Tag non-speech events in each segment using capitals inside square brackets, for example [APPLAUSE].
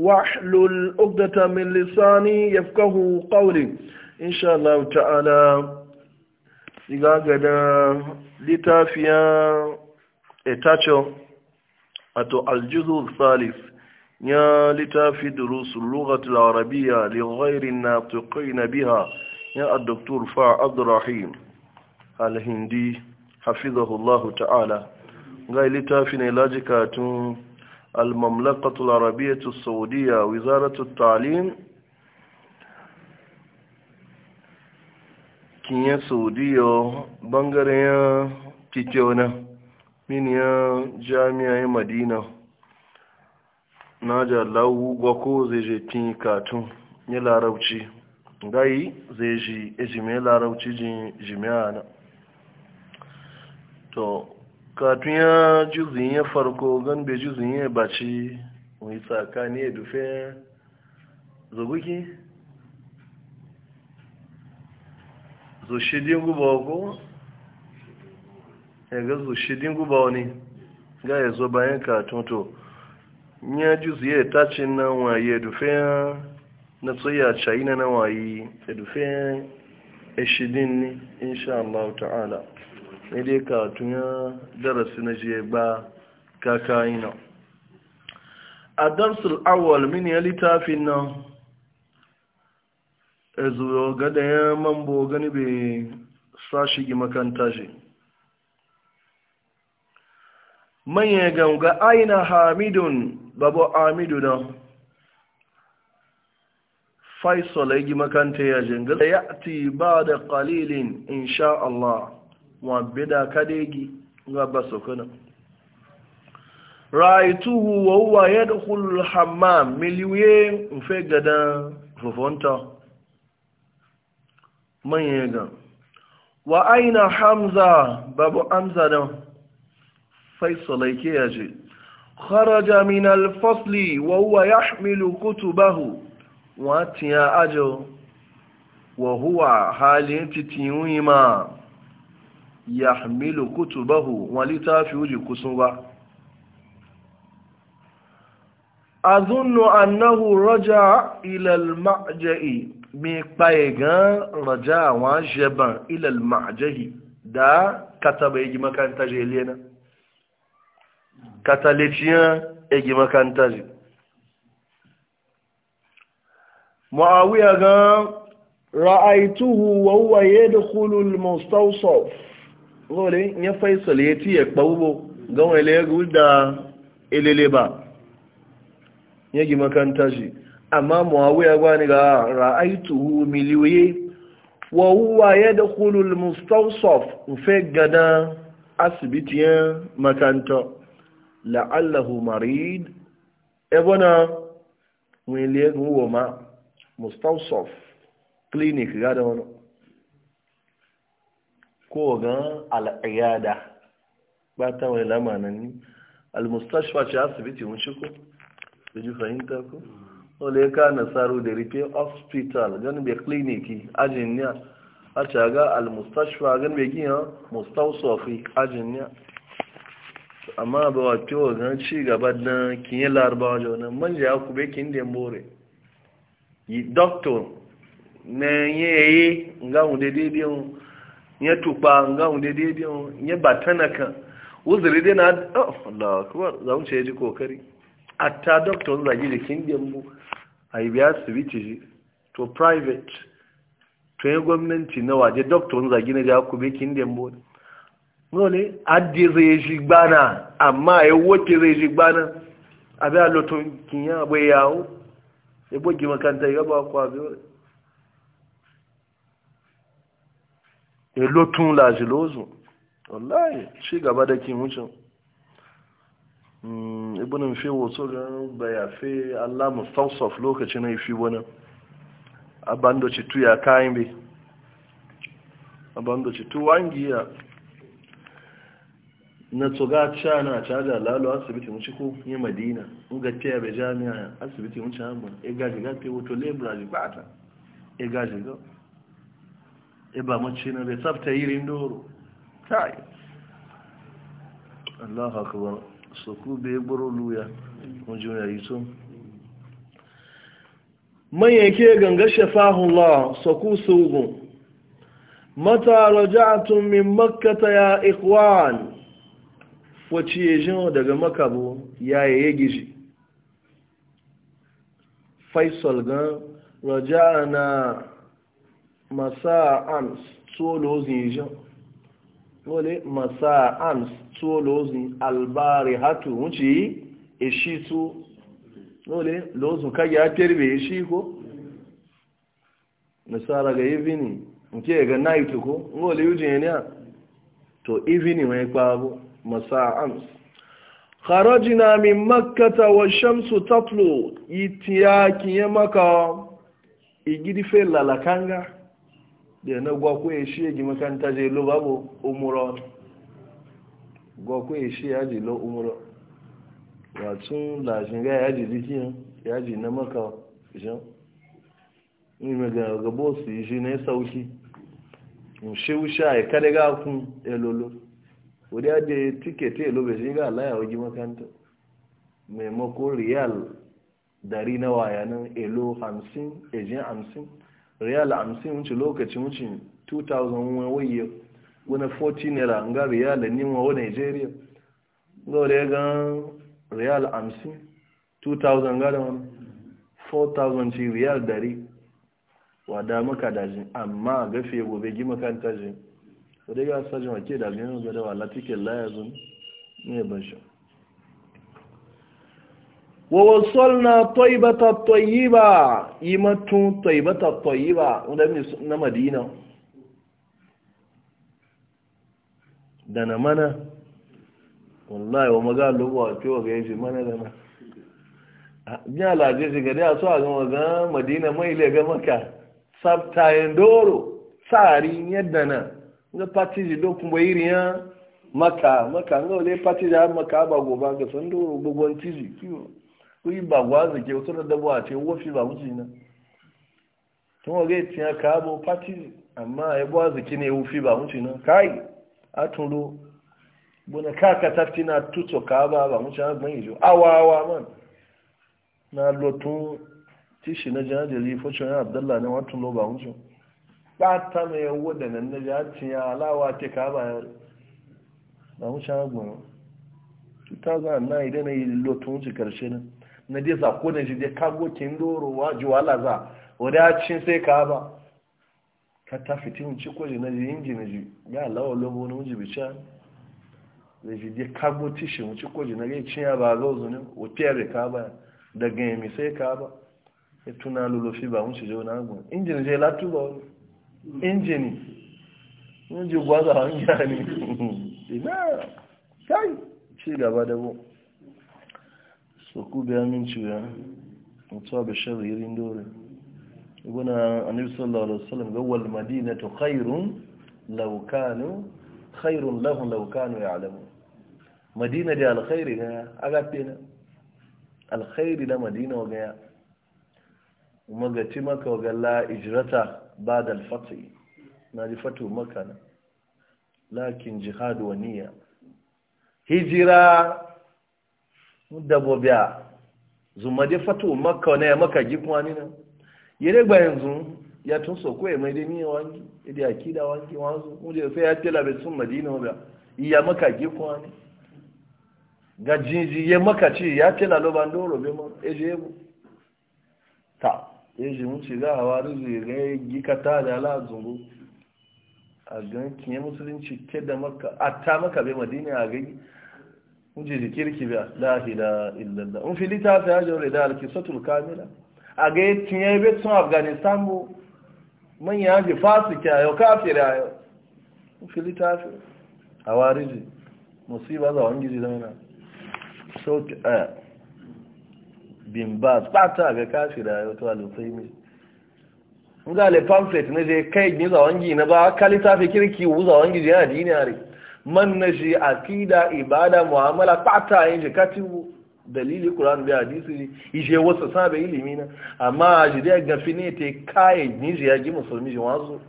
واحلل عقدة من لساني يفقه قولي إن شاء الله تعالى إذا لتافيا إتاتشو أتو الجزء الثالث يا لتافي دروس اللغة العربية لغير الناطقين بها يا الدكتور فا عبد الرحيم الهندي حفظه الله تعالى غاي لتافي نيلاجيكاتون المملكة العربية السعودية وزارة التعليم كينيا سعودية بنغريا تيتيونا منيا جامعة مدينة ناجا لو وكو زيجي تيني كاتو نيلا روشي غاي زيجي ازيمي لا روشي جميعنا تو katun ya juzin ya farko gan bai juzin ya baci mai tsakani ya dufe zoguki zo shidin guba ko ya ga zo shidin guba wani ga ya zo bayan katun to ya juzi ya tace nan waye dufe na tsoya cayi na nawayi ya dufe ya shidin ni insha Allah ta'ala ne dai ka darasi na je ba kakayi nan a darsul awal min ya littafin nan a zuwa gada ya mambo gani bai sashi gi makanta shi manya ganga aina hamidun babu amidu nan faisal ya gi makanta ya ya ti ba da kalilin insha Allah wabbe da kadegi ga basu kuna ra'aituhu wa huwa yadkhulu al-hammam miliye nfe gada fofonta manye ga wa aina hamza babu hamza da faisal ke yaje kharaja min al-fasli wa huwa yahmilu kutubahu wa tiya ajo wa huwa halin titiyuma ya hamilu kutubahu wani tafi wuji kusun ba a zunnu annahu raja ilal ma'aja'i mai kpaye gan raja wa sheban ilal ma'ajahi da kataba egi makanta je lena kataletiyan egi makanta je mu'awiya gan ra'aituhu wa huwa yadkhulu al-mustawsaf ngole nya faisal yeti ya kpawbo gawa ile guda ilele ba nya makanta shi amma muawiya bani ga ra'aituhu miliwiye wa huwa yadkhulu al-mustawsaf fe gada asibitiyan makanta la'allahu marid ebona wele guwa ma mustawsaf clinic gada wani ko gan al'iyada ba ta wani lamanin ni al-mustashfa ce asibiti mun shi ko da ji fahimta ko wale ka nasaru da rike hospital ganin bai kliniki ajin ya a caga al-mustashfa ganin bai gina mustausofi ajin ya amma ba wa fiye gan ci gaba na kinye larabawa jaunan manja ya kube kin da more doctor na yayi nga mu daidai ya tupa nga wunde daidai ya batana ka uzuri dai na oh Allah akbar za mu ce ji kokari atta doctor za ji jikin dembu ai biya asibiti ji to private to ya gwamnati na waje doctor za gina ja ku bikin dembu ngole addi zai shi gbana amma ya wote zai shi gbana abi a loton kinya bai yawo ya bogi makanta ya ba ku abi e lotun lajilozu wallahi shi gaba da kin wucin hmm, ibinin fi wato ga bayafe allah mustausof lokaci na ifi wani abandoci tuya kayan bi abandoci na tsoga cana caja lalo asibiti madina in bai jami'a asibiti iba macina bai tsabta yirin doro kai allah akbar so ku bai gboro luya wajen yayi sun man yake ganga shafahullah so ku sugun mata raja'atun min makkata ya ikwan wace yejin daga makabu ya yaye gishi faisal gan raja'ana masa'ams tsolozin ijan wole masa'ams tsolozin albari hatu wuce yi eshi lozun kage ya terbe eshi ko ga evening nke ga night ko wole yujin ya masa'ams kharajina min makkata wa shamsu tatlu itiya kiye maka igidi fe lalakanga da na gwakwa ya shi ya gi makanta je lo babu umuro gwakwa ya shi ya ji lo umuro watsun lashin ya ji jikin ya ji na maka jan ni mai gabo su yi shi ne sauki in shi wuce a kada ga kun elolo wadda ya da tiketi elobe shi ga alaya wa gi makanta maimako riyal dari na waya nan elo hamsin ejin hamsin riyal hamsin wuce lokaci wuce 2000 waye wani 40 naira nga riyal ninwa wa nigeria ga wadda gan riyal hamsin 2000 ga da wani 4000 ci riyal dari wada maka dajin amma gafe gobe gi makanta jin wadda ga sajin wake dajin yau ga da wa latikin layazun ne ban shi ووصلنا طيبة الطيبة يمتون طيبة الطيبة ودم na Madina. da na mana wallahi wa maga lobuwa cewa ga mana da na biya shi a so a gama ga madina mai ile ga maka sabtayen doro tsari yadda na ga ji maka maka ga wale fati da maka ba ga san doro bugon kiwo kuyi ba gwaza ke wasu da dabuwa ce wofi ba muji na tun wa ya tiya abu pati amma ya gwaza ki ne wofi ba muji na kai a tunro buna kaka fi na tuto ka ba muji na gbanyi jo awa awa man na lotun tishi na jajiri fushin abdalla ne watan lo ba ba ta mai yawo da nan na jajiya alawa ke ba ya ba muji na gbanyi 2009 idan na yi lotun ci karshe na. na dai zako na jide kago kin doro dorowa juwala za wada cin sai ka ba ka ta fitin ci kwaje na ji inji na ji ya lawa lobo na wuji bica na jide kago tishi mu ci kwaje na gai cin ya ba ga o tere ka ba daga yami sai ka ba e tuna fi ba mu ci jau na agun inji na je latu ba wani inji ne mun ji gwaza hanyar ne [LAUGHS] ina kai ci gaba da bu so ku bi aminci ya mutuwa bi shari'irin dore ibuna annabi sallallahu alaihi wasallam ga wal madinatu khairun law kanu khairun lahum law kanu ya'lamun madina da alkhairi ne aga pena alkhairi da madina wa ga magati maka ga la ijrata ba'da al-fath na ji fatu maka lakin jihad wa niyya hijira dabbobi a zuma dai fato maka wani ya maka gikun wani nan yare gba yanzu ya tun so ya mai dai niyan wangi idi a kida wangi wanzu kuma sai ya tela bai sun madina ba iya maka gikun wani ga jinji ya maka ci ya tela loba doro bai ma eje yabo ta eje mun ci za a wari zai ga gikata da ala zungu a ganin kinye musulunci ke da maka a ta maka bai madina a gani mujiji kirki biya la ila illallah un fili ta ta jore da alkisatul kamila a ga tinye be tun afghanistan bu man ya ji fasika yo kafira yo un fili ta fi awariji musiba za wangi ji zama so eh bin ba pata ga kafira yau to alfaimi nga le pamphlet ne je kai ni za wangi ba kalita fi kirki u za yana ji ya dinari man na shi akida ibada mu'amala fata yin shi katibu dalili ƙuran da hadisi ishe wasu sabe ilimi na amma shi dai gafi ne ta kayi niji ya gi musulmi shi wasu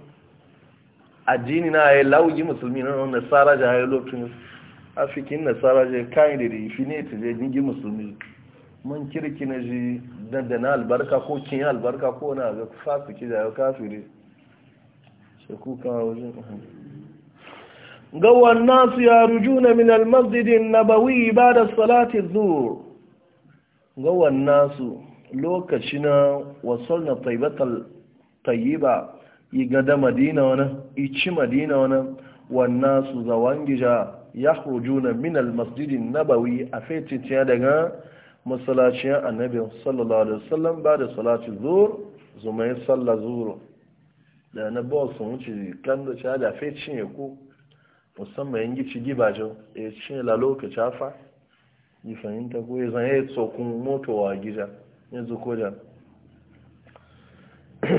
addini na ya lauji musulmi na nasara ja ya lokacin afikin nasara ja kayan da rifi ne ta zai gi musulmi man kirki na ji dandana albarka ko kin yi albarka ko na ga fasiki da ya kafiri shi kuka wajen قوى الناس يارجون من المسجد النبوي بعد الصلاة الظهر قوى الناس لوكتشنا وصلنا طيبة طيبة يقدى مدينة ونا إيش مدينة ونا والناس زوانجا يخرجون من المسجد النبوي أفيت تيادنا مسلاشيا النبي صلى الله عليه وسلم بعد صلاة الظهر زمين صلى الظهر لأن بوصن كان شهادة فيت شنكو musamman yin gici gibajin ya eh, ce la lokaci fa yi fahimta ko ya zan ya tsokun motowa gija yanzu ko da [CLEARS THROAT]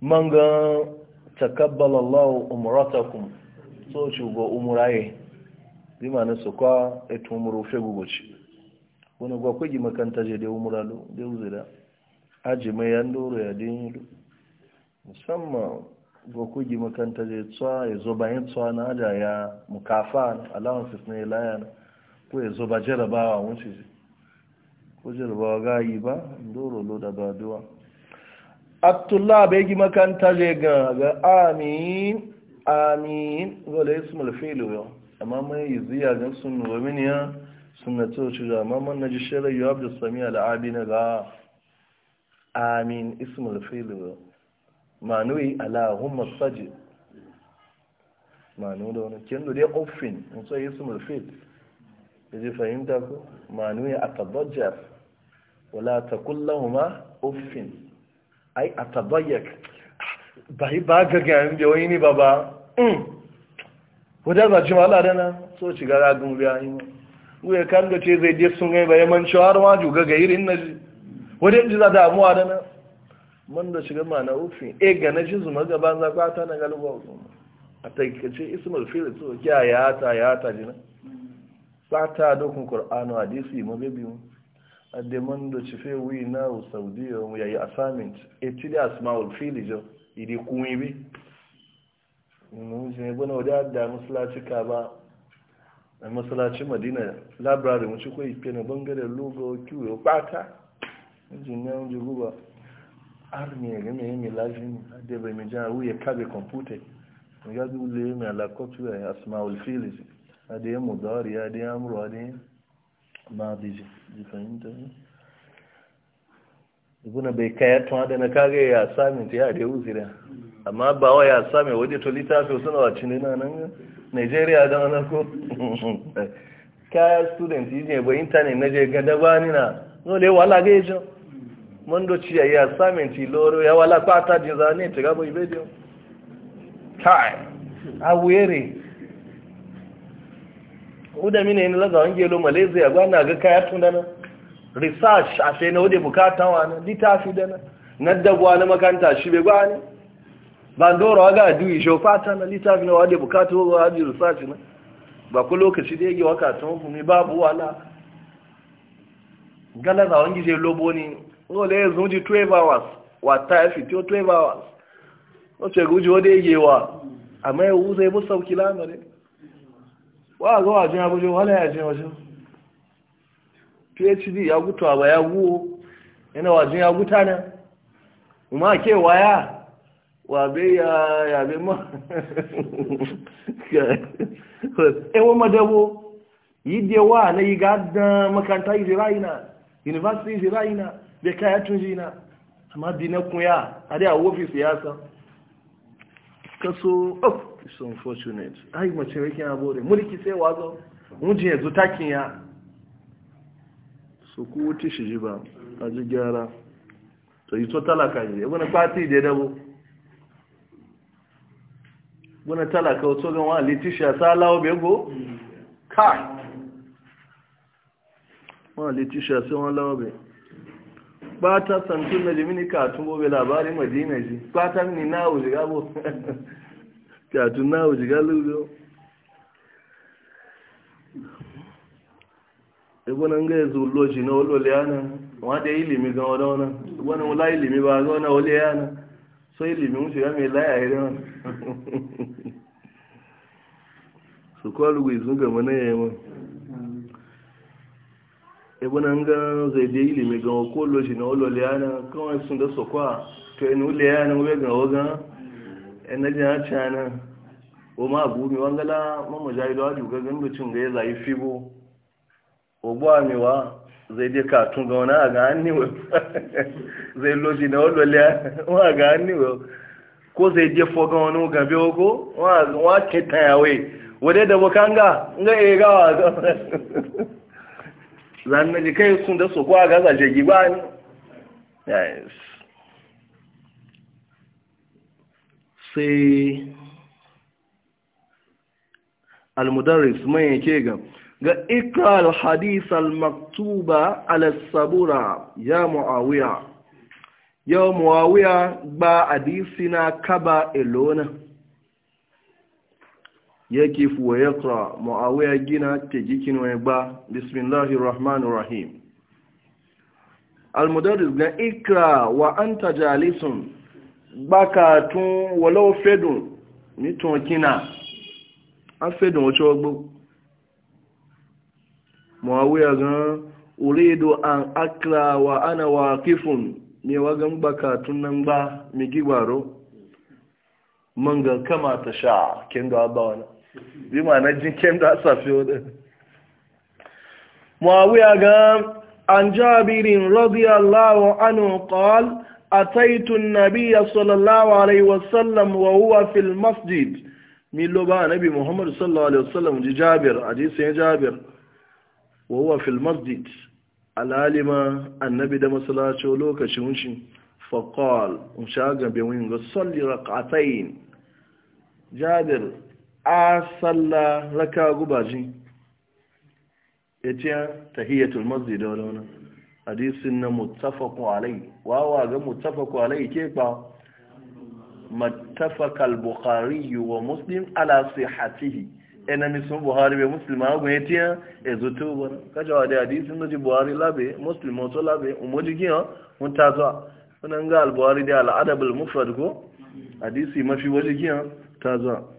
man ga takabbal Allah umratakum so shugo umuraye bi ma na sokwa etu umuru fe gugoci wani gwa kwagi makanta je da umuralo da uzira aji mai yan doro ya din musamman gokugi makanta zai tsuwa ya zo bayan tsuwa na aja ya mukafa allowances na ilayen ko ya zo ba jarabawa wunci ko jarabawa gayi ba doro lo da ba duwa abdullah bai gi makanta zai ga ga amin amin gole su filu yau amma mai yi ziya ga sun romaniya sun na tsoci shi amma man na ji shirar yau abdul sami al'abi na ga amin ismul filu yau manu yi alahumma sajid manu da wani kin dai ofin in so yi su mulfit da ji fahimta ko manu a atabajar wala ta huma ofin ai atabayak bai ba gaga yin da wani ba ba mm. wadda ba ji mala dana so shiga ragun biya yi ma wuya kan da ce zai je sun gai bayan mancewa har ma juga ga irin na ji wadda ji za da dana man da shiga mana ufin e ga na shi zuma gaba za ka ta na galiba zuma a taikace ismul fil su kya ya ta ya ta jina sata dokun qur'anu hadisi ma bebi mu ade man da shi fe wi na saudiya mu yayi assignment etili asmaul fil jo idi kunwi bi mun je bana wada da musulaci ka ba a masalacin madina labrari mun ci ko ife na bangaren logo kiwo kwata injin nan ji guba arni game yi milajin da bai mi ja wuye kabe kwamfuta ya zu le mai alakotu ya asma'ul filis a da ya mudari ya da ya amuru a da ya ma da ji ji fahimta ibuna bai kaya tun da na kage ya sami ta ya da ya uzira amma ba wa ya sami waje to littafi suna wa na nan nigeria da wani ko kaya student yi ne bai intanet na je gada ba ni na dole wala ga yi jan mọ́ndọ̀ tí ẹ̀yẹ assignmenti ya yàwó alápáta jẹza ní ìtẹ̀gábọ̀ ìbẹ́jọ́ kai awere udami ne laga wange lo malaysia gwana ga kaya tunana research a sai wade bukata wani litafi dana na na na wade bukata wa haji na ba ku lokaci da yake waka tun babu wala galaza wange lobo ne ngole zunji 12 hours wa tafi ó 12 hours wace guji wadda yake wa amma e ya wuza ya bu sauki lamarin wa ga wajen abujin wala ya je wajen phd ya gutuwa ya guwo yana wajen ya guta nan ma ke waya wabe ya yabe [LAUGHS] e ma ewo madabo yi dewa na yi gadan makanta yi zira'ina university bai kaya tun jina amma bi na kuya a da wofi siyasa kaso oh it's unfortunate ai mace mai kina bore mulki sai wazo mujin yanzu takin ya su ku wuce shi ji ba a ji gyara to yi to talaka ne wani fati da dabo wani talaka wato gan wani litisha sa lawo bego kai wani litisha sai wani lawo bego bata santun na jimini katun bobe labarin madina ji batan ni [LAUGHS] na wuji gabo katun na wuji galo ibunan ga yanzu loji na olole yana wadda ilimi ga wadda wana wani wula ilimi ba ga wana ole yana so ilimi mutu ya mai laya ya dama [LAUGHS] su kwalu gwizu ga na ya yi mana ibn ga zai je ilimi ga ko loji na olo liyana kawai sun da sokwa to enu liyana we ga oga en ji na chana o ma bu mi wangala mama jai da ju ga gandu cin ga zai fibo ogba mi wa zai je ka tun ga wani aga anni we [LAUGHS] zai loji na olo liyana wa ga anni we ko zai je fo ga wani ga be ogo wa wa ke tayawe wade da bokanga nga e ga [LAUGHS] zan ji kai sun da su a ga zaje giba ni yes sai almudarris mai yake ga ga ikra al almaktuba ala sabura ya muawiya ya muawiya ba hadisi na kaba elona yake fuwa ya kura ma'awuyar gina ta jikin wani ba bismillahi rahmanu rahim almudaris na ikra wa an ta jalisun bakatun walau fedun nitun kina a fedun wacce wagbo ma'awuyar gan uridu an akra wa ana wa kifun ne wagan bakatun nan ba migi gbaro manga kama ta sha kin ga bí ma na jinkem da safiyo da muawiya ga an jabirin radiyallahu anhu qal ataitu an-nabiyya sallallahu alaihi wasallam wa huwa fil masjid lo ba nabi muhammad sallallahu alaihi wasallam ji jabir hadisi jabir wa huwa fil masjid alalima annabi da masallaci lokacin shi faqal in shaga bi wani ga salli rak'atayn jabir a salla raka gubaji etiya tahiyatul masjid da wani hadisun na mutafakun alai wawa ga mutafakun alai ke ba matafakal al-bukhari wa muslim ala sihhatihi ina mi sun buhari be muslim agun tiya ya eh? e zuto kaja kajawa da na ji buhari labe muslim to labe umoji giya eh? mun ta wani ga al-buhari da al-adab mufrad ko hadisi mafi waje eh? ta zo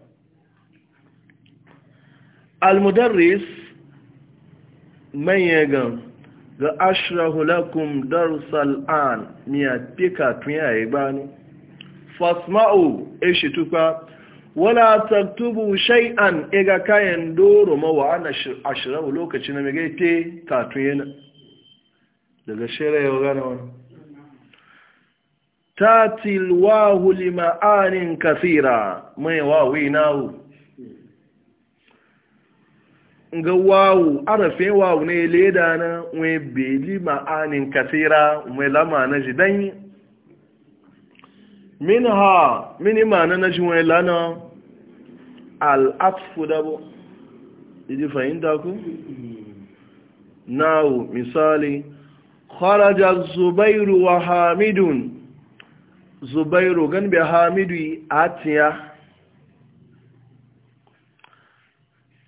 almudarris manyan gan ga ashirahu lakum darussal an miya pika tun yayi bani fasma'u ishi e tufa wala taktubu shay'an iga e kayan doro ma ana ashirahu lokaci na mege te katun yana daga shirya yau gana wani tatil lima'anin kasira mai wawi nahu ga wawu arafe wawu ne leda na we beli ma'anin kasira we lama na ji dan min ha min ma na na ji we lana al al'atfu dabo idi fahimta ku nawo misali kharaja zubairu wa hamidun zubairu gan bi hamidu atiya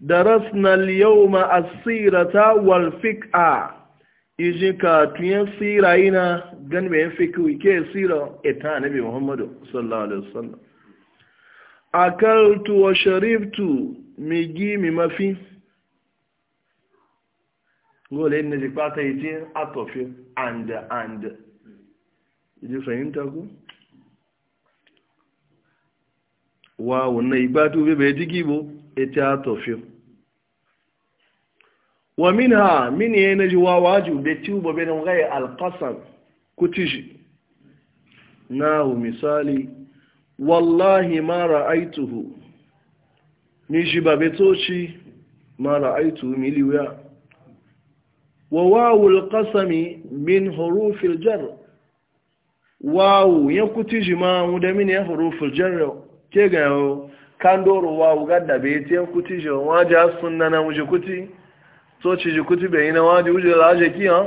درسنا اليوم السيرة والفقه يجي كاتين سيرة هنا جنب فقه كي سيرة إتان نبي محمد صلى الله عليه وسلم أكلت وشربت ميجي مما في قول إن جي باتا يجي أطفي عند عند يجي فهمتكم واو نيباتو بيبي جيبو إتي أطفي wa ha, min ya yi na ji wawaju da tuba bai nan gaya alƙasar kutishi na misali wallahi ma ra'aituhu ni shi ba betoci ma ra'aituhu miliya wa wawul qasami min hurufil jar wawu ya kutiji ma mu da min ya hurufil jar ke ga kandoro wawu gadda bai ta kutiji wa ja sunna na muje kuti so ci ji kuti bai na waje wuje laje ki han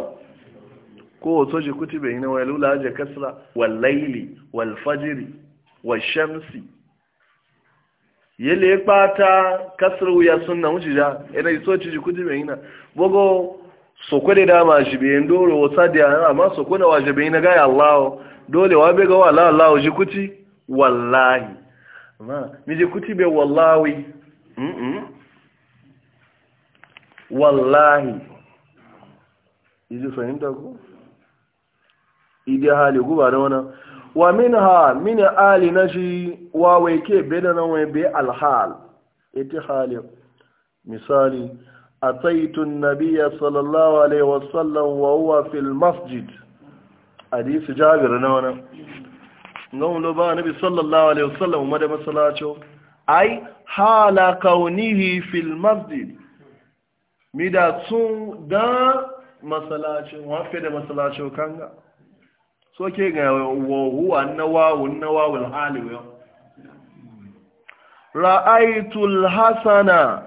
ko so ji kuti bai na walu laje kasra wal laili wal fajri wal shamsi yele pata kasru ya sunna wuje ja ina so ci ji kuti bai yi na bogo soko da dama shi bai ndoro wasadiya amma soko da waje bai yi na ga Allahu. dole wa bai ga wala Allah ji kuti wallahi amma mi ji kuti bai wallahi mm, -mm. wallahi iji fahimta ku idi hali guba da wannan wa min ha min ali nashi wa waike beda nan wai be alhal Ita hali misali a ataitu Nabiya sallallahu alaihi wasallam wa huwa fil masjid hadith jabir na wannan ngon lo ba nabi sallallahu alaihi wasallam ma da masallaci ai hala kaunihi fil masjid mi da tun da masalacin wafe da masalacin kanga so ke ga wahuwa na wawun na wawun haliwa ra'aitul hasana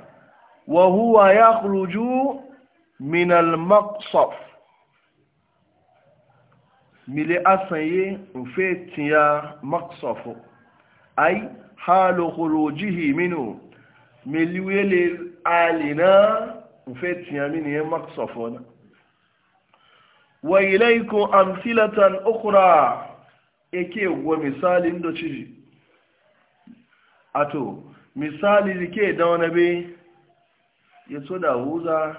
wa huwa ya kuruju Minal Maksof. mili asaye nfe tiya Maksofu. -Ai. halu khurujihi minhu miliwele alina nfe tiya mini ya maksofona wa ilaiku amsilatan ukhra eke wa misali ndo ciji ato misali ke da wani be ya so da huza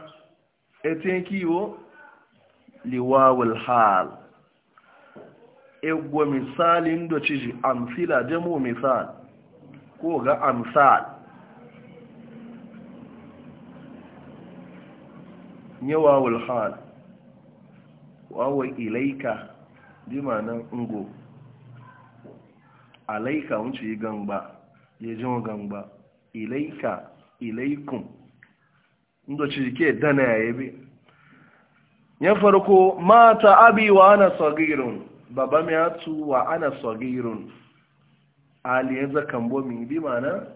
etin kiwo liwawul hal egwa misali ndo ciji amsila jamu misal ko ga amsal nye wawul hal wawa ilaika bi ma'anan ungo alaika wuce yi gangba ya ji wa gangba ilaika ilaikun inda ci ke dana ya yabe ya farko mata abi wa ana sagirun baba mai hatu wa ana sagirun aliyar zakan bomi bi ma'anan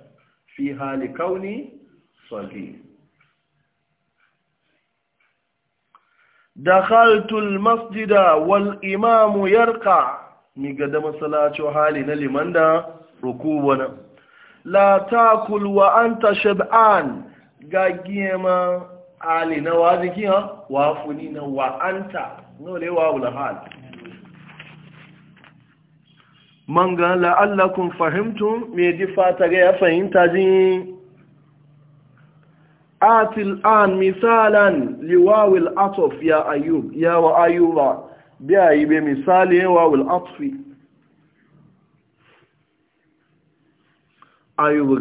fi hali kauni sagirun dakhaltu masjida wal-imamu yarqa ni ga da hali na liman da la taakul wa anta shab'an ga giyama ali na wazikiya wa funi wa anta no le wa hal manga la'allakum fahimtum me difata ga ya fahimta jin آت الآن مثالا لواو العطف يا أيوب يا وأيوب بأي بمثال واو العطف أيوب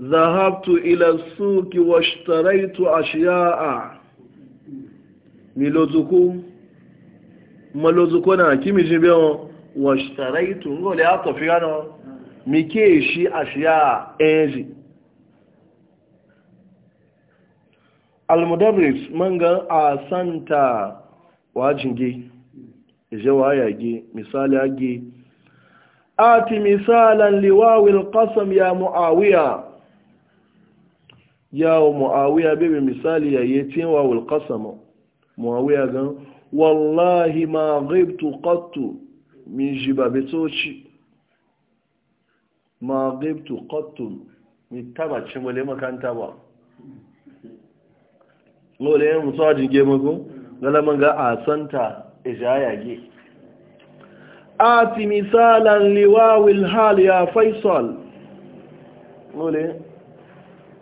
ذهبت إلى السوق واشتريت أشياء milozuku malozuku na kimi jibe wọn washtaraitu ngole atofirano mike shi ashiya enzi almudarris manga a santa wajin gi jawa yage misali yage ati misalan liwawil qasam ya muawiya ya muawiya bebe misali ya yetin wawil qasam muawiya gan wallahi ma ghibtu qattu min jibabetoci ma ghibtu qattu mi taba cin wale makanta ba lole yin musu a jirge mako galaman ga a santa ijayage e a ti misalan liwawil hal ya faisal lole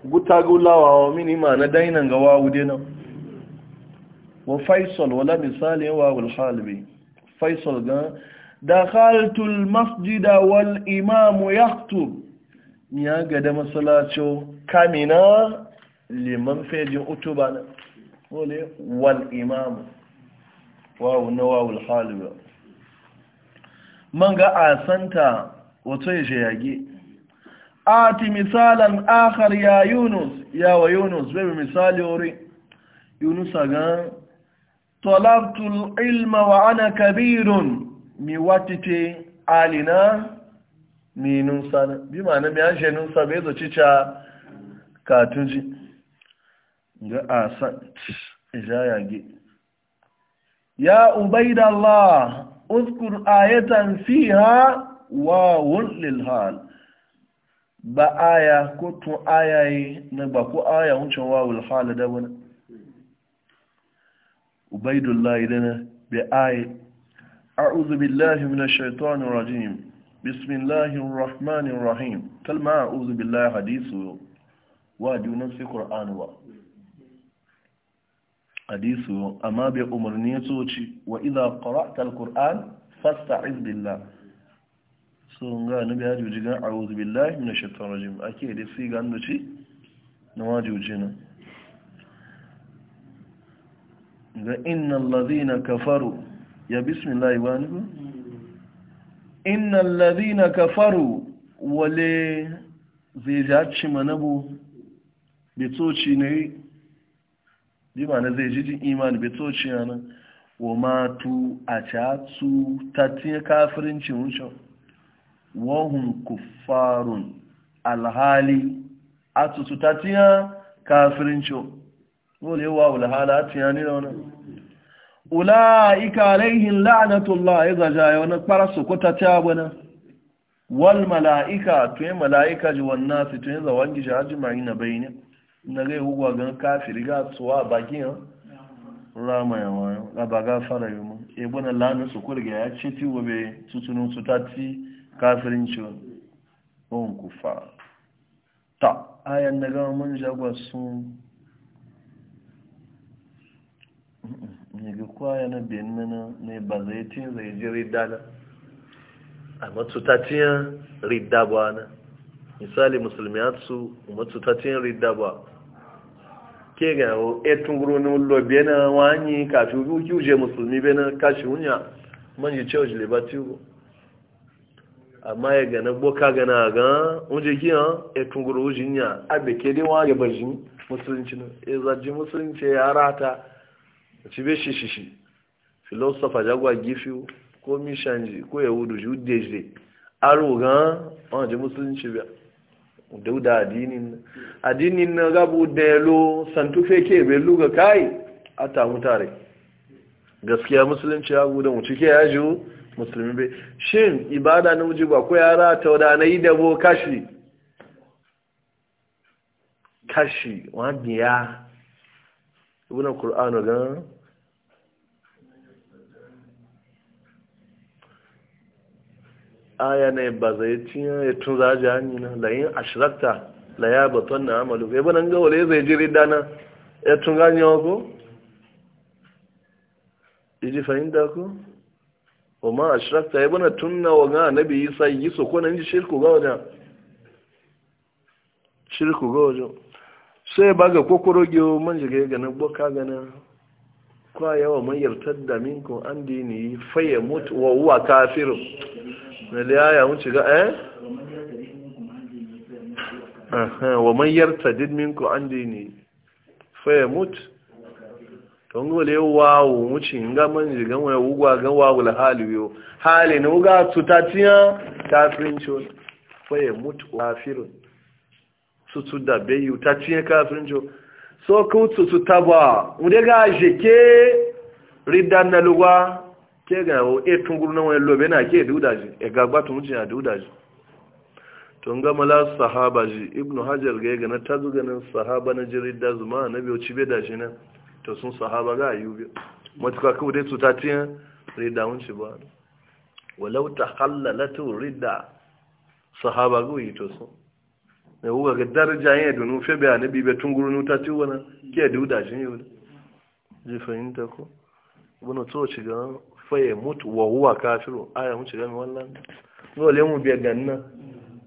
gutagulawa wa minima na dainan ga wawu dina wa faisal wala misalin wawul hal bi faisal ga dakhaltul masjida wal imamu yaktub ya ga da masalacin kamina liman fejin utuba wale wal imamu wawu na wawul haliwa Manga ga a santa wato ya shayage ati misalan akhar ya yunus ya wa yunus bai misali wuri yunus gan talabtul ilma wa ana kabirun mi watite alina mi nunsa bi ma'ana mi an shi nunsa bai zo cica katunji ga asad jayage ya ubaidallah uzkur ayatan fiha wawun lil hal ba aya ko to ayaye na ba ko aya wucin wawul hal da wani ubaidullah idan bi aya a'udhu billahi minash shaitanir rajim bismillahir rahmanir rahim kalma a'udhu billahi hadithu wa dunasi qur'an wa hadisu amma bai umarni ya soci wa idha qara'ta alquran fasta'iz billah so nga nabi haju jiga a'udhu billahi na shaitanir rajim ake da sai ga da ci na waju nan. ga innal ladhina kafaru ya bismillah wa ni innal ladhina kafaru wale zai jaci manabu bitoci ne bi ma na zai jijin imani bai ciya nan wa matu a catu ta tiye kafirinci wucin wahun kufarun alhali a tutu ta tiye kafirinci wale wa a tiya ni da wani ula'ika alaihin la'anatullah ya zaja ya wani kpara sokota ta abuwa wal mala'ika tuye mala'ika ji wannan su tuye zawon gishi hajji ma'ina bayanin na zai hugwa gan kafiri ga tsuwa baki yan rama ya wayo raba ga fara yi mun ebe na lana su kurge ya ce ti wabe tutunun su ta ti kafirin ci on kufa fa ta ayan na gama mun jagwa sun ne ga kwaya na benin na ne ba zai ti zai ji ridala a matutatiyan ridabwa na misali musulmi su matutatiyan ridabwa ke ga etun gurunin lobe na wani kafin ruki uje musulmi bai na kashi wunya manji church ba go amma ya gana boka gana ga uje kiya etun guru ujinya abe ke dai wa ga barjin musulunci na e za ji musulunci ya e rata ci be shi shi shi philosopher jagwa gifiu ko mishanji ko yahudu judeje aro ga on je musulunci biya dauda adinin adinin na gabu da santufe ke belu ga kai a tamu tare gaskiya musulunci ya guda mu cike ya musulmi bai shin ibada na wuji ba ko yara ta wada na yi dabo kashi kashi ibn ga aya ne ba zai cinya ya tun zaji hanyi na layin ashirakta laya ya baton na amalu ya banan ga wale zai jiri dana ya tun ganye ko iji fahimta ko wa ma ashirakta ya bana tun na waga nabi sai yi so ko nan ji shirku ga wajen shirku ga wajen sai ba ga kokoro giyo man jiga ga na boka ga kwa yawa man yartar da minku an dini faye mutu wa huwa kafirun na liyaya mun shiga eh wa man yartadid minkum an dini fa yamut to ngole wawo muci nga man shiga wa ugwa ga wawo la hali yo hali ne uga tutatiya ta princho fa yamut kafirun tutu da beyu tatiya kafirincho so ku tutu taba udega jeke ridan na lugwa ke ga wo e tunguru na wani lobe na ke duda ji e gagba tun ji na duda ji to nga mala sahaba ji ibnu hajar ga ga na tazu ganin sahaba na jirid da zuma na biyo cibe da shi na to sun sahaba ga ayubi matuka ko dai su ta tiyan rida wunci ba walau tahallalatu rida sahaba go yi to sun ne wuga ga daraja yin dunu fe be na be tunguru nu ta tiwana ke duda shi ne ji fahimta ko bunu to ci ga faye mutu wa huwa kafiru aya mun shiga mai wannan dole mu biya ganna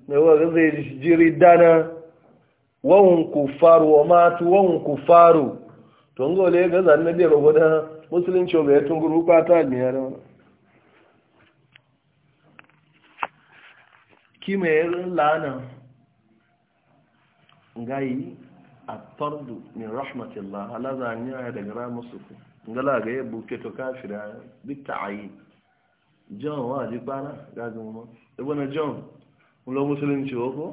na wa zai jiri dana Wa wahun kufaru wa matu wahun kufaru to ngole ga zan na biyar goda musulunci ba ya tunguru kwata ne ya da Ki ya lana gayi a fardu min rahmatillah ala zaniya daga ramusuku ngala ga yabu ke to kafira bi ta'ayi john wa ji bana ga ga mu ibn e john mu lo musulunci ko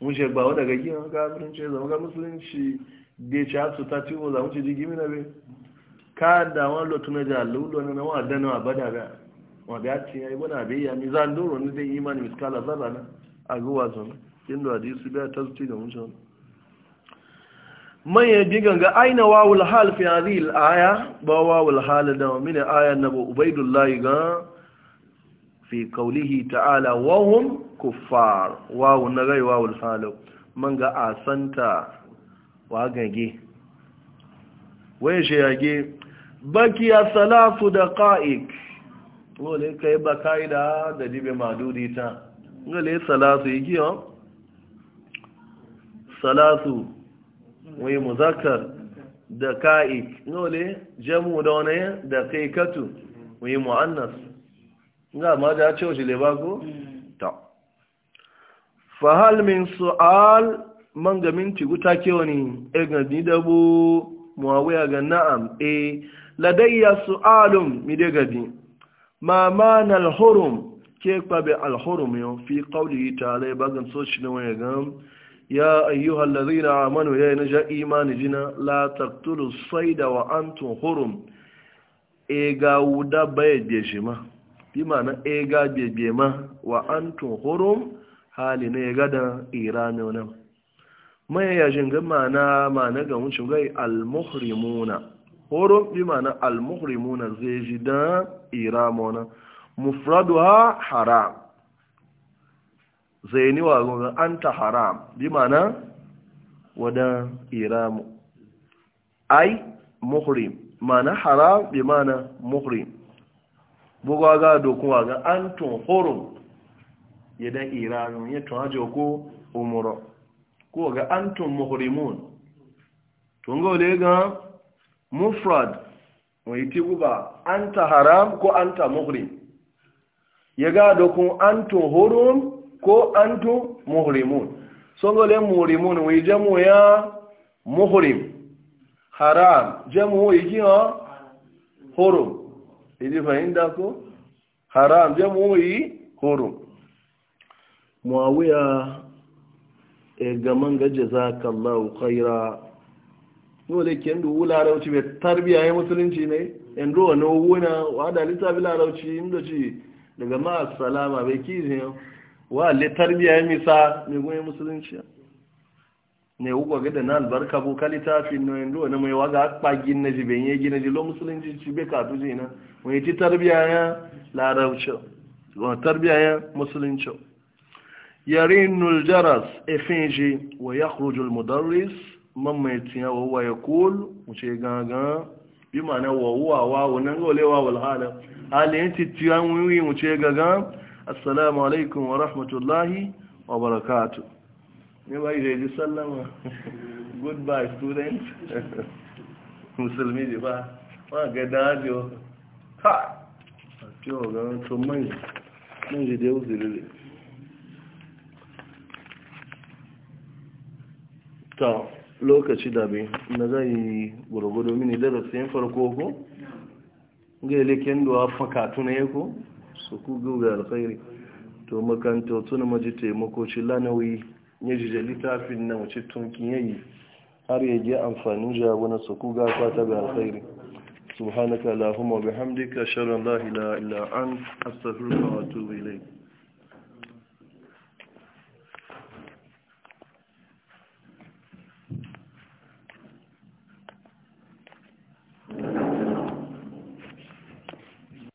mu je gbawo daga gidan kafirunci zama ga musulunci de cha su ta ci wo zamu ci digi na be ka da wan lo tuna ja lu lo na wa da na bada ga wa da ci ai e bona be ya mizan duro ni da imani miskala zarra na aguwa zon kin do hadisi da tasdiga mun manyan digan ga aina wawul hal fi hadhihi al-aya ba wawul hal da min aya nabu ubaidullahi ga fi qawlihi ta'ala wa hum kuffar wawu na gai wawul hal man ga asanta wa gage waye she yage baki ya salatu daqa'iq wole kai ba kaida da dibe madudi ta ngale salatu yigiyo salatu wai muzakar da ka'ik nole jamu da wani da kai katu wai mu'annas ga ma da cewa shi lebago ta fahal min su'al man ga minti guta ke wani egani dabo muawiya ga na'am e ladayya su'alun mi de gadi ma mana al-hurum ke kwabe al-hurum yo fi qawlihi ta'ala bagan so shi ne wani gam يا أيها الذين آمنوا يا نجا إيمان جنا لا تقتلوا الصيد وأنتم حرم إيغا ودا بيت بيشما بمعنى إيغا ma بيما وأنتم hurum hali ne ga da irani wani mai yajin ga mana mana ga wucin gai al-muhrimuna hurum bi mana al-muhrimuna zai ji da irama wani mufradu haram zaini wa gunga an ta haram bi mana wadan iramu ai muhrim mana haram bi mana muhrim bugwa ga dokun wa ga an tun hurum yadan iramu ya tun hajo ko umuro ko ga an tun muhrimun tun ga wale ga mufrad wai ti guba an ta haram ko an ta muhrim ya ga dokun an tun hurum ko antu muhrimun songole muhrimun wi jamu ya muhrim haram jamu ha hurum fa inda ko haram jamu yi hurum muawiya e gaman ga jazakallahu khaira nole kendo wula rauci be tarbiya ya musulunci ne ruwa wani wuna wa da lissafi larauci inda ci daga ma salama be kizin wa le tarbiya ya misa mai goyi musulunci ne ugo ga da na albarka bu kalita fi no ndo na mai waga kpagin na jiben ye gina jilo musulunci ci bai ka tuje na mai ti tarbiya ya larauci wa tarbiya ya musulunci yarinul jaras efinji wa yakhruju al mudarris mamma yatiya wa huwa yaqul muce gaga bi ma'ana wa huwa wa wannan golewa wal hala halin ti tiyan wiwi muce gaga assalamu alaikum wa rahmatullahi wa barakatu ne ba yi daidai sallama goodbye student [LAUGHS] musulmi ne ba Ba ga dajo ha a cewa ganin tun mai, manya da yau zirile ta lokaci dabe na zai gurgudo mini darasin farko ko ga ilikin da wa fakatu na yako su ku gauga alkhairi to makanta na maji taimako ci lanawi ya da littafin na wace tunkin yayi har ya ji amfanin jawo na su ku gafa ga alkhairi subhanaka allahumma bihamdika sharran la ilaha illa an astaghfiruka wa atubu